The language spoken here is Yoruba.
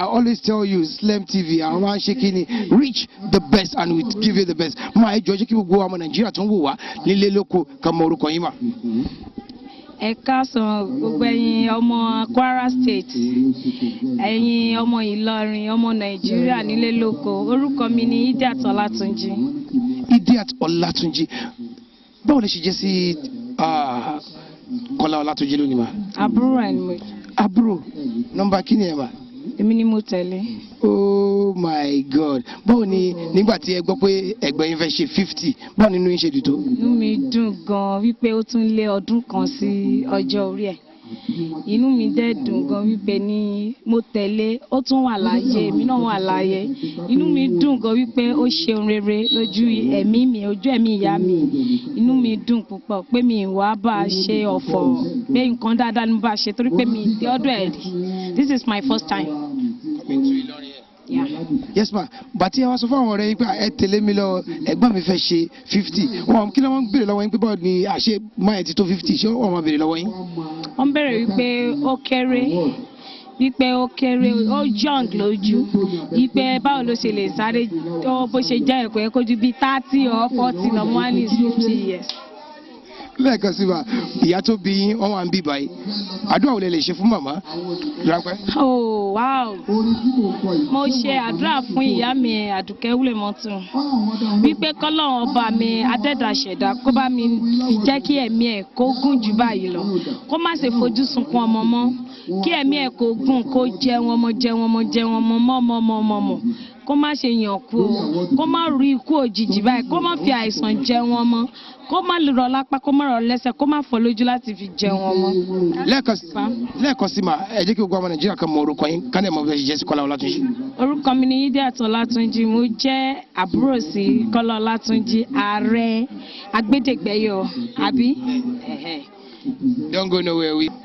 I always tell you, Slam TV, i máa ṣe reach the best and we give you the best. Máa jọ ṣé kí ọmọ Nàìjíríà tó ń wò wá nílé lóko ọmọ Kwara State, ẹ̀yin ọmọ Ìlọrin, ọmọ nigeria nílé loko Orúkọ mi idiot Idiat Idiat Ọlátúnjí, báwo lè ṣe jẹ́ sí Àbúrò Àbúrò èmi ni mo tẹ̀lé. oh my god báwo ni nígbà tí ẹ gbọ́ pé ẹgbẹ́ yín fẹ́ ṣe fifty báwo nínú yín ṣe dùn tó. inú mi dùn gan-an wípé ó tún lé ọdún kan sí ọjọ́ orí ẹ̀ inú mi dẹ̀ dùn gan wípé ní mo tẹ̀lé ó tún wà láyé èmi náà wà láyé inú mi dùn gan wípé ó ṣeun rere lójú ẹ̀mí mi ojú ẹ̀mí ìyá mi inú mi dùn púpọ̀ pé mi ìwà bá ṣe ọ̀fọ̀ pé nǹkan dáadáa ni mo bá ṣe torí pé mi ìdí ọ̀dọ̀ ẹ̀ this is my first time. yes ma bàtí ẹ wá sọ fún àwọn ọ̀rẹ́ yín pé ẹ tẹ̀lé mi lọ ẹ̀gbọ́n mi fẹ́ ṣe fifty wọn kí ló máa ń béèrè lọ́wọ́ yín pé bọ́ọ̀ ni àṣẹ máa ti tó fifty ṣé wọn máa béèrè lọ́wọ́ yín béèrè wípé ó kéré wípé ó kéré ó young lójú wípé báwo ló ṣe lè sáré tó bó ṣe jẹ́ ẹ̀kọ́ ẹ̀kọ́ ju bíi thirty or forty lọ́mọ́ ní fifty years lẹ́ẹ̀kan sí wa ìyá tó bí wọ́n wà ń bí báyìí àdúrà wo lè lè ṣe fún màmá rápẹ́. oh wow mo ṣe àdúrà fún ìyá mi àdùkẹ́ wúlẹ̀mọ́tò wípé kọ́lọ́run ọba mi adẹ́dà ṣẹ̀dá kó bá mi jẹ́ kí ẹ̀mí ẹ̀ kó gùn jù báyìí lọ kó má ṣe fojú sunkún ọmọ mọ́ kí ẹ̀mí ẹ̀ kó gùn kó jẹun ọmọ jẹun ọmọ jẹun ọmọ mọ́ mọ́ mọ́ mọ́ mọ́ kó má ṣe yàn kú o kó má rí ikú òjijì báyìí kó má fi àìsàn jẹ wọn mọ́ kó má rọ lápá kó má rọ lẹ́sẹ̀ kó má fọ́ lójú láti fi jẹ wọn mọ́. lẹ́ẹ̀kan sí ma ẹ jẹ́ kí gbogbo ọmọ nàìjíríà kan mọ orúkọ yín kánẹ̀ mọ bẹ́ẹ̀ jẹ́ sí kọ́lá ọlátúnjì. orúkọ mi ni yídíàtú ọlátúnjì mo jẹ́ àbúrò sí kọ́lá ọlátúnjì ààrẹ agbẹ́dẹ́gbẹ́yọ àbí. don't go nowhere with